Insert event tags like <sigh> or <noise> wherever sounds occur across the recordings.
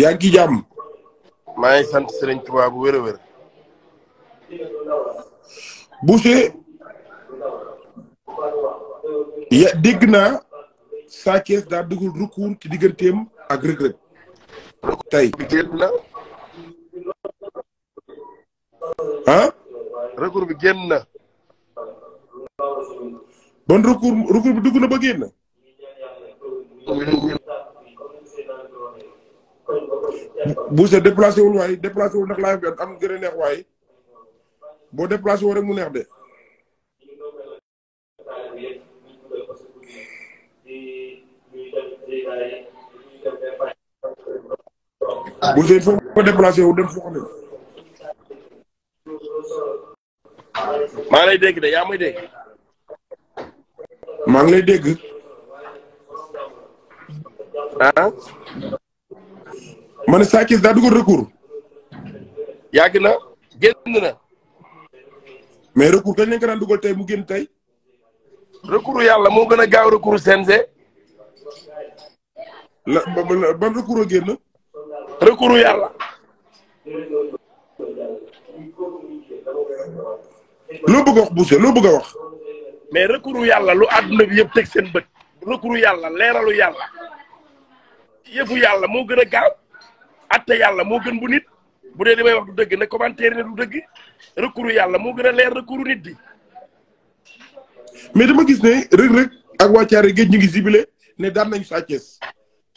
yaa ngi jàmm. maa ngi sant Serigne Touba bu wér a wér. ya dégg naa. Sa Thiès daa dugal recours ci digganteem ak Reug Reug. tey ah. recours bi génn na. bon recours bi dugg na ba génn. bu sa déplacé wul waaye déplacé wul ndax live bi am gën neex waaye boo déplacé woo rek mu neex de. bu dee foofu nga déplacé wu dem foo xam ne. maa lay dégg de yaa may dégg. maa ngi lay dégg. ah. ma ne Sa Thiès daa dugal recours. yàgg na génn na. mais recours kañ lañ dugal tey mu génn tey. recours yàlla moo gën a gaaw recours CNG. la ban recours a génn. recours yàlla. loo bëgg a wax Boucher loo bëgg a wax. mais recours yàlla lu àdduna bi yëpp teg seen bët. recours yàlla leeralu yàlla. yëfu yàlla moo gën a gaaw. atte yàlla moo gën bu nit bu dee li may wax du dëgg ne commentaire ne du dëgg recours yàlla moo gën a leer recours nit di mais dama gis ne Reug Reug ak waa Thiaré géej ñu ngi sibile ne daan nañu Sa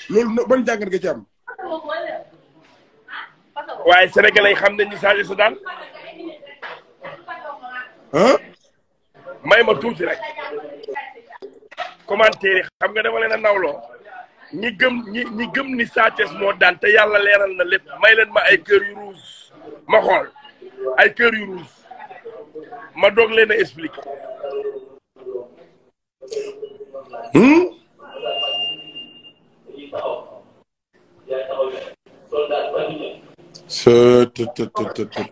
loolu ban jàngat nga ci am. waaye sénégalais xam nañ ni Sa Thiès daan. may ma tuuti rek. commentaire yi xam nga dama na a nawloo. ñi gëm ñi ñi gëm ni Sa moo daan te yàlla leeral na lépp may leen ma ay kër yu ruus ma xool ay kër yu ruus ma doog leen a expliquer. Hmm? së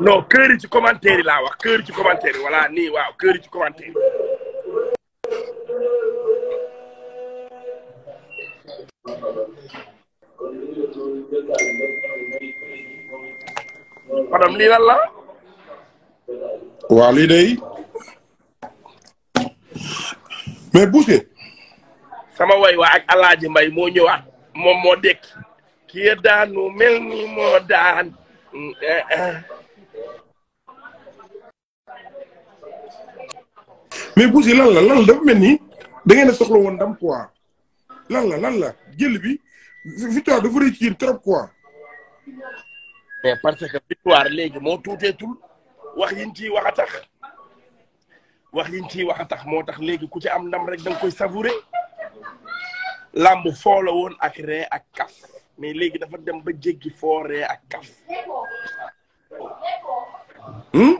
non kër ci commentaire yi laa wax ci commentaire yi voilà nii waaw kër ci commentaire yi. lii lan la. waaw lii day mais sama way waa ak Mbay moo ñëwaat moom moo dekk kii daanu mel ni moo daan. mais buus yi lan la lan dafa mel ni da ngeen a soxla woon dam quoi lan la lan la jël bi victoire dafa rëy ci yéen trop quoi. mais parce que victoire léegi moo tuuteetul wax yiñ ciy wax a tax wax yiñ ciy wax a tax moo tax léegi ku ci am ndam rek da nga koy savourer làmb foo la woon ak ree ak kaf mais léegi dafa dem ba jéggi foo ree ak kaf. Hmm?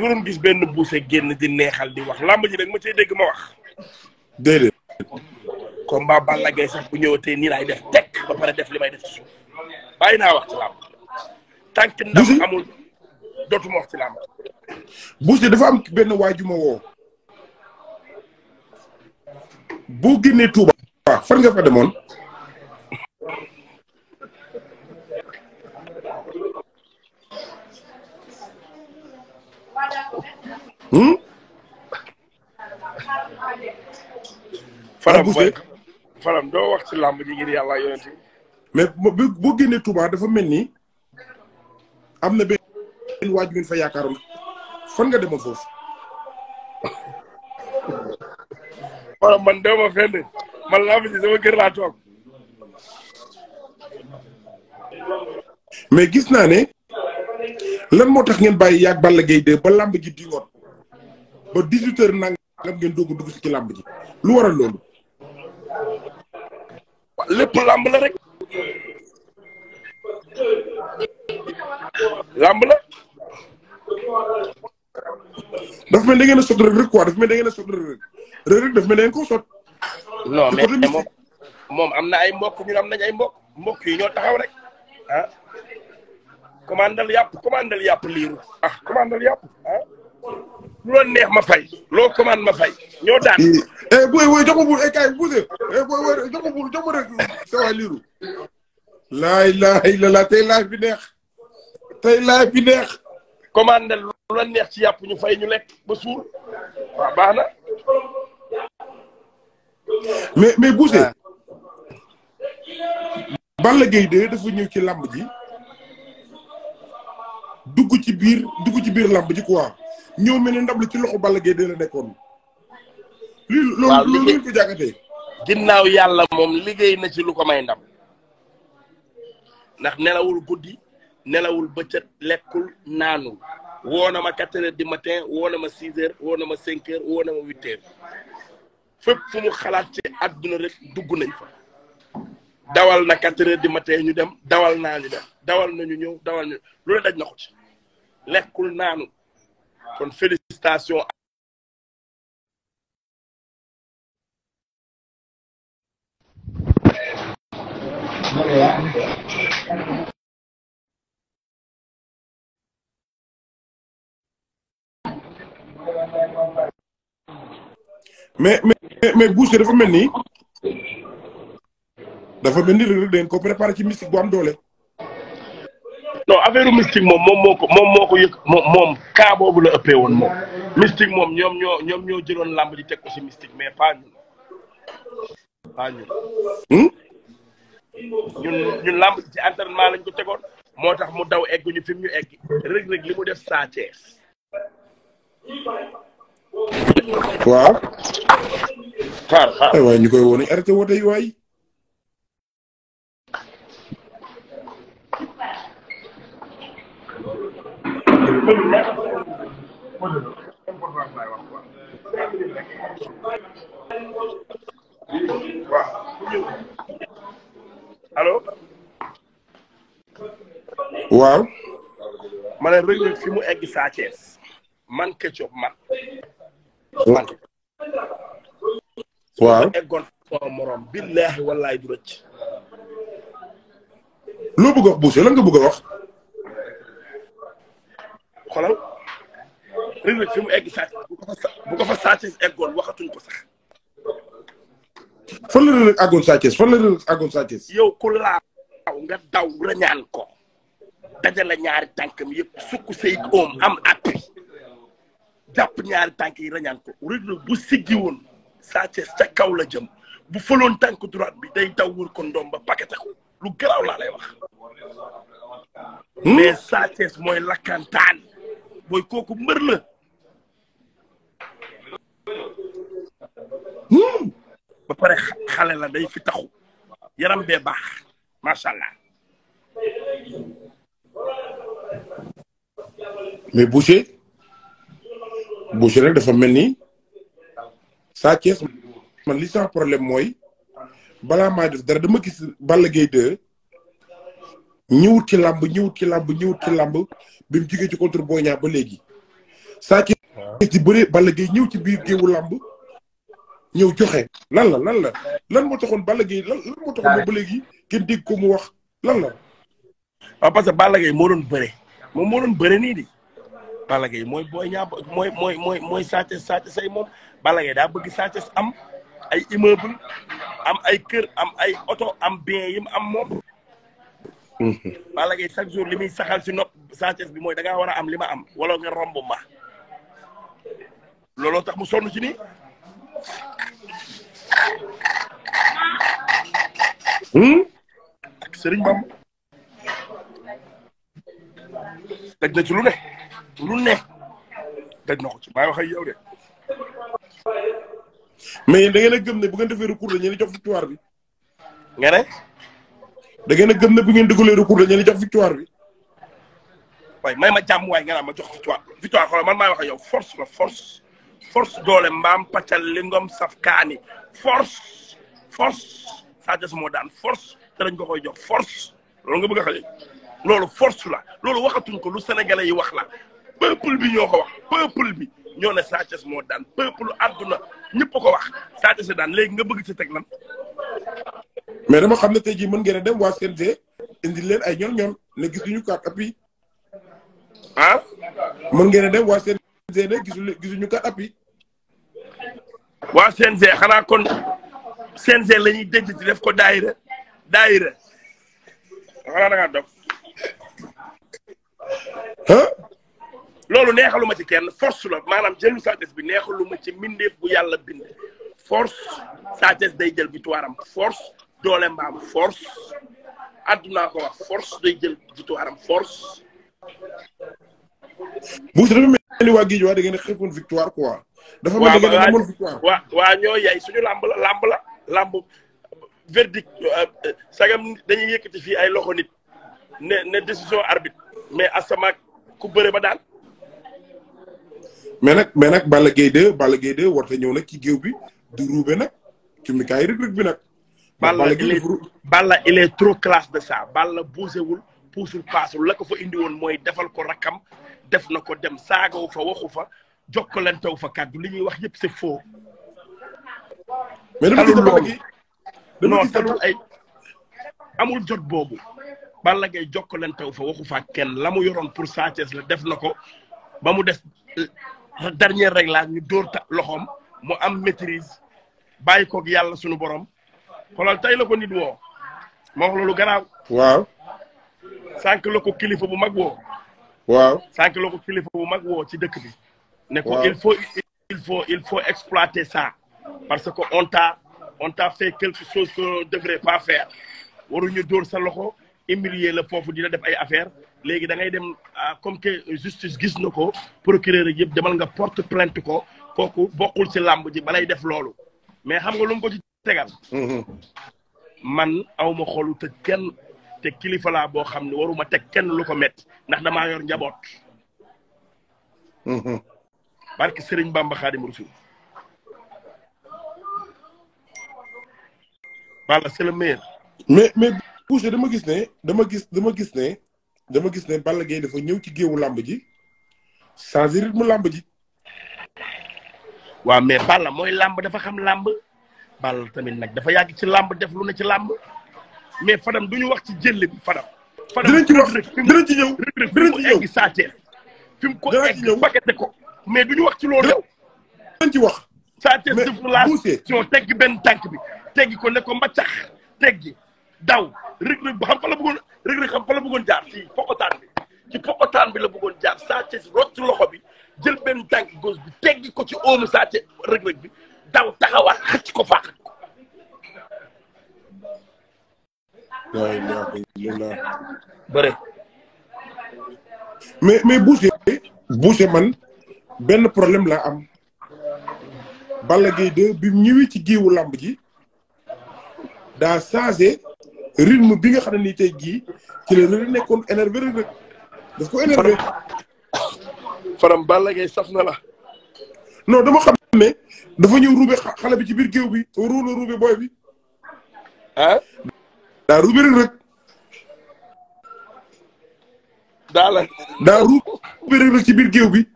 da nga gis benn buuse génn di neexal di wax làmb ji rek ma cay dégg ma wax. déedéet. combat Balla Gaye sax bu ñëwatee nii laay def tekk ba pare def li may def ci suuf naa wax ci làmb. tànk ndam amul dootuma wax ci làmb. buuse dafa am benn waaju ma woo. boo génnee Touba. fan nga fa demoon. Hmm? faram booy faram doo wax ci làmb ji ngir yàlla yonent mais bu boo génnee Touba dafa mel ni am na benn waaj wi fa yaakaaroon fan nga demoon foofu. faram man dema fenn man làmb ji sama kër laa toog. mais gis naa ne lan moo tax ngeen bàyyi yàgg Balla Gaye 2 ba làmb ji di ba 18 heures nangam ngeen doog a dugg ci làmb ji lu waral loolu. lépp làmb la rek. làmb la. dafa mel da ngeen a sot rek rek quoi da rek rek rek dafa mel da ngeen koo sot. non mais moom moom am na ay mbokk ñun am nañ ay mbokk mbokk yi ñoo taxaw rek ah. commandal yàpp commandal yàpp liiru ah commandal yàpp ah. lu neex ma fay loo commande ma fay ñoo daan. eh, eh booy booy jox ko buur eh kaay eh, rek sa waay liiru. laa tey laaj bi neex tey laaj bi neex. commande lu la neex ci yàpp ñu fay ñu lekk ba suur waaw baax na. mais mais buuse. Ah. Balla Gaye 2 dafa ñëw ci làmb ji dugg ci biir dugg ci biir làmb ji quoi. ñëw mel ne ndab li ci loxo Balla Gaye dina nekkoon. li loolu ko jàngatee. ginnaaw yàlla moom liggéey na ci lu ko may ndam. ndax nelawul guddi nelawul bëccëg lekkul naanu woo na ma quatre heures du matin woo na ma six heures woo na ma cinq heures woo fépp fu mu xalaat ci àdduna rek dugg nañ fa. dawal na quatre di du matin ñu dem dawal naa ñu dem dawal nañu ñëw dawal ñu lu ne daj na ko lekkul naanul. kon felistasyon. Mè gousè, dè fè mè ni? Dè fè mè ni, dè nko pè repare ki misti gwam dole? no affaire mystique moom moom moo ko moom moo ko yëg moom moom cas la ëppee woon moom mystique moom ñoom ñoo ñoom ñoo jëloon làmb di teg ko ci mystique mais pas ñun pas ñun. Hmm? ñun ñun làmb ci entraînement lañ ko tegoon moo tax mu daw egguñu fi mu ñu egg Reug Reug li mu def Sa waaw. xaar xaar. aywa ñu koy woon arrêté woote yi waay. waaw allo. Wow? ma ne fi mu egg Sa man Ketchup man. man. waaw eggoon sama morom billaahi wallaahi du rëcc. loo bëgg wax nga bëgg wax. xolal Reug Reug fi mu egg sàcc bu ko fa bu eggoon waxatuñ ko sax. fan la Reug Reug àggoon yow ku laaw nga daw rañaan ko dajale ñaari tànkam yëpp sukk say oom am appui jàpp ñaari tànk yi rañaan ko Reug bu siggi woon sàccees ca kaw la jëm bu foloon tànk droite bi day daw wër ko ndoom ba pakete ko lu garaaw laa lay wax. Hmm? mais sàccees mooy lakkantaan. boy kooku mbër la. Hmm. ba pare xale la day fi taxu yaram bee baax macha allah. mais Boucher Boucher rek dafa mel ni Sa Thiès man li sax problème mooy balaa maa def dara dama gis Balla Gaye 2 ñëwut ci làmb ñëwut ci làmb ñëwut ci làmb bi mu ci contre Boy Niang ba léegi. saa ki di bëree Balla ñëw ci biir géewu làmb ñëw joxe lan la lan la lan moo taxoon Balla Gaye lan lan ba léegi kenn dégg ko mu wax lan la. waaw ah, parce que Balla moo doon bëre moom moo doon bëre nii di Balla Gaye mooy Boy mooy mooy mooy mooy Sa Thiès Sa Thiès ay moom Balla Gaye daa bëgg Sa am ay immeuble am ay kër am ay oto am bien yim am moom. Mm-hmm. Balla Gaye chaque jour limi saxal ci nop sanchez bi moy da nga wara am lima am wala nga rombo ma lolo tax mu sonu ci hmm ak serigne Bam. daj na ci lu ne lu ne daj na ko ci bay waxay yow de. mais da ngay a gëm ne bu ngeen defé recours la ñu jox victoire bi. nga ne. da ngeen a gëm ne bu ngeen dugalee recours dañu leen jox victoire bi. waaye may ma jàmm waaye nga naan ma jox victoire victoire xoolal man maay wax ak yow force la force force doole mbaam pàccal li ngom saf kaani force force saa des moo daan force te dañ ko koy jox force loolu nga bëgg a xale loolu force la loolu waxatuñ ko lu sénégalais yi wax la peuple bi ñoo ko wax peuple bi ñoo ne Sa Thiès moo daan peuple àdduna ñëpp ko wax Sa daan léegi nga bëgg ci teg lan mais dama xam ne tey jii mën ngeen a dem waa CNG indi leen ay ñoon-ñoon ne gisuñu carte appui ah mën ngeen a dem waa CNG ne gisu gisuñu xanaa kon CNG la ñuy dégg ci def ko daayira daayira xanaa da ngaa dog ah loolu neexalu ma ci kenn force la maanaam jëlu sa des bi neexalu ma ci mbindeef bu yàlla bind force Sa day jël victoire force doole mbaam force àdduna ko wax force day jël victoire am force. Bouss dafa mel ni waa Guèye waa da ngeen xeexoon victoire quoi. dafa mel ni da ngeen amoon victoire waaw ñoo yay suñu làmb la làmb la làmb verdict euh, euh, sagam dañuy yëkkati fii ay loxo nit ne ne décision arbitre mais asama ku bëre ba daal. mais nag mais nag Balla Gaye 2 Balla Gaye 2 warta ñëw na ci géew bi. du ruube nag cummi kaay bi nag. Balla il Balla il est trop classe de ça Balla bousewul puusul paasul la ko fa indi woon mooy defal ko rakkam def na ko dem saagaw fa waxu fa jokkalantew fa kàddu li ñuy wax yëpp se faux. mais dama gis non amul jot boobu. Balla Gaye jokkalantew fa waxu fa kenn la mu yoroon pour Sa la def na ko ba mu des euh, dernier réglage ñu dóor ta loxoom mu am maîtrise. bàyyi koog yalla sunu borom xolal tay lako nit wo ma wax loolu garaaw. waaw. sànq la kilifa bu mag wo waaw sank lako kilifa bu mag wo ci dëkk bi. ne ko il faut il faut il faut exploiter ça. parce que on t'a on t'a fait quelque chose qu'on devrait pas faire waruñu door sa loxo humilier le fofu dina def ay affaire léegi da ngay dem ah, comme que justice gis nako procureur yëpp demal nga porte plainte ko kooku bokul ci lamb ji balay def loolu. mais xam nga lu mu ko ci tegal. Mm-hmm. man awma xolu tëj kenn te kilifa laa boo xam ne waruma teg kenn lu ko métti ndax damaa yor njaboot. Mm-hmm. barke Serigne Bamba Xaadim Rasul. voilà c'est le meilleur. mais mais dama gis ne dama gis dama gis ne dama gis ne Balla dafa ñëw ci géewu làmb ji changer rythme làmb ji. waaw mais Balla mooy làmb dafa xam làmb Balla tamit nag dafa yàgg ci làmb def lu ne ci làmb mais Fadam du ñu wax ci jëlle bi Fadam. Fadam dinañ ci wax dinañ ci ñëw dinañ ci ñëw egg saa teer fi mu ko egg paquete ko mais du ñu wax ci loolu yow. dinañ ci wax. saa teer def la station tegg benn tànk bi teggi ko ne ko mbàccax teggi daw Reug Reug ba xam fa la bëggoon Reug Reug xam fa la bëggoon jaar ci pokotaan bi ci pokotaan bi la bëggoon jaar saa teer rocc loxo bi. jël benn tànk gauche bi teggi ko ci oomu saa ci bi daw taxawaat xëcc ko faax. bëre. mais mais Boucher. Boucher man benn problème la am. Balla Gaye 2 bi ñëwee ci géewu làmb ji daa changé rythme bi nga xam ne nii gi jii ci la rëdd nekkoon énervé rek daf ko énervé. faram Balla Gaye saf na la. non dama xam ne dafa ñëw ruube xale bi ci biir géew bi ruur na ruube booy bi. ah. ci biir géew bi.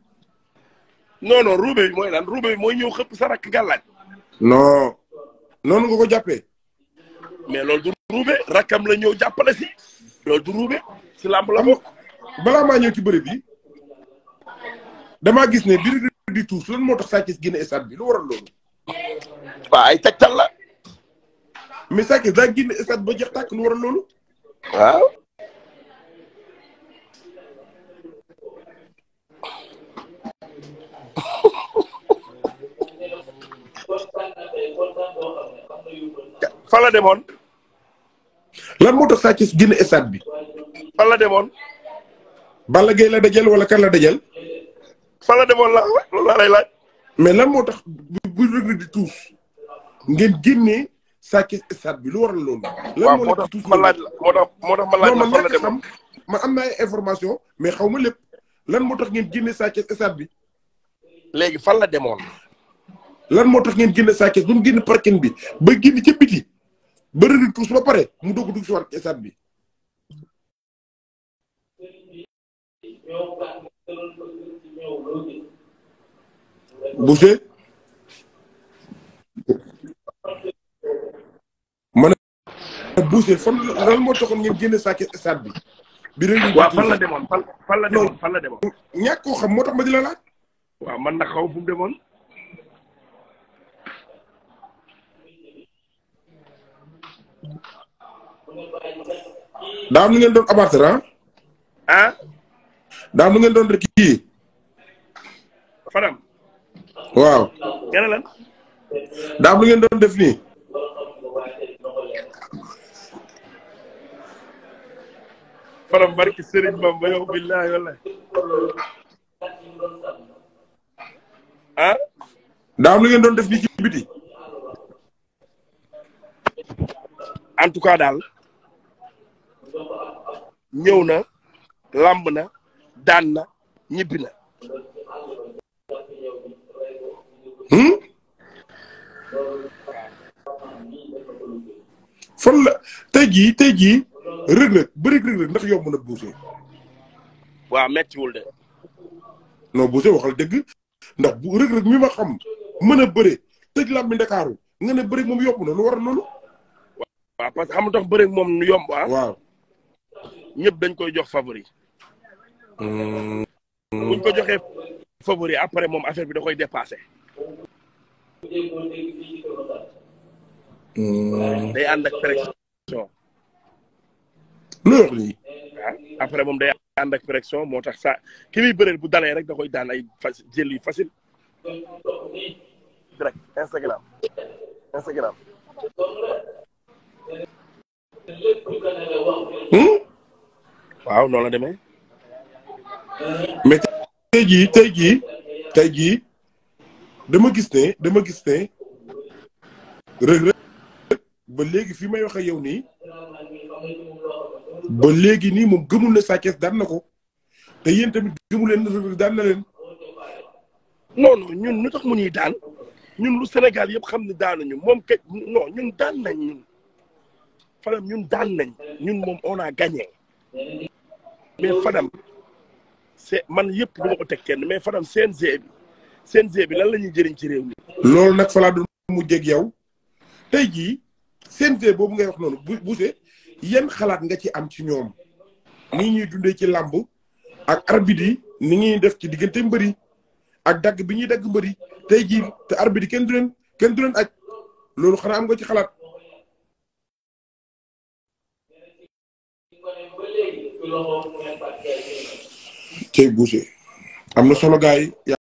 non non mooy lan ruube bi mooy ñëw xëpp sa rakk gàllaaj. non. noonu nga ko jàppee. mais loolu du ruube rakkam la ñëw jàppale si. loolu du ruube si làmb la bokk. balaa ñëw ci bëri bi damaa gis ne Gris di tuus lan moo tax Sa Thiès génne stade bi lu waral loolu. waaw ay tegtal la. mais Sa Thiès daa génne stade ba jeex tàkk lu waral loolu. waaw. <laughs> fan la demoon. lan moo tax Sa Thiès génne bi. fan la demoon. Balla Gaye la dajal wala kan la dajal. fa la demoon laa loolu laa mais lan moo tax bu bu di tuus ngeen génnee saa kii bi lu waral loolu. lan moo tax tuus ma laaj la moo tax moo tax ma am na ay information mais xaw ma lépp lan moo tax ngeen génne saa kii bi. léegi fan la demoon. lan moo tax ngeen génne saa kees ba mu génne parking bi ba génn ca biti ba rëdd tuus ba pare mu doog a dugg si waat stade bi. Boucher. ma ne. Boucher fan lan moo taxoon ngeen génne saa stade bi. bi rëy waaw demoon fan fan la la demoon. ñàkk koo xam moo tax ma di la waaw man nag xaw fu mu demoon. daa am ngeen doon abattre ah. ah. daa ngeen doon rek kii. Fadam. waaw. nga ne lan. daa am lu ngeen doon def nii. Fadam barki Serigne Bamba yow billahi wallahi. ah. daa lu ngeen doon def nii ci biti. en tout cas daal. ñëw na. làmb na daan na ñibbi na. hum fan la tey jii tey jii Reug Reug bëri ndax yomb na Boucher. waaw méttiwul de. non Boucher waxal dëgg ndax bu Reug Reug mi ma xam mën a bëre tëj làmb bi Ndakaaru nga ne bëri moom yomb na lu war a loolu. waaw parce xam nga tax bëri moom yomb ah. waaw ñëpp dañ koy jox favori. Hmm. buñ ko joxee favori après moom affaire bi da koy dépassé. Hmm. day ànd ak pression. loolu nii. Ah, après moom day ànd moo tax saa ki bu dalee rek da koy daan ay fas jël yu facile. direct Instagram Instagram. Hmm? waaw noonu la demee. mais tey jii tey jii tey dama gis ne dama gis ne rëg-rëg ba léegi fi may wax ak yow nii ba léegi nii moom gëmul na Sa Thiès daan na ko te yéen tamit gëmu leen rëg-rëg daan na leen non non ñun ñu tax mu ñuy daan ñun lu Sénégal yëpp xam ne daan nañu moom ke ñun daan nañ ñun ñun daan nañ ñun moom on a gagné mais Fadam c'est man yëpp du ko teg kenn mais Fadam CNG bi zé bi lan la jëriñ ci réew mi. loolu nag fa laa doon mujjee ak yow tey jii zé boobu ngay wax noonu bu buuse yan xalaat nga ci am ci ñoom ni ñuy dundee ci làmb ak arbitre yi ni ñuy def ci diggante mbëri ak dagg bi ñuy dagg mbëri tey jii te arbitre yi kenn du leen kenn du leen aj loolu xanaa am nga ci xalaat. tey buuse am na solo gaay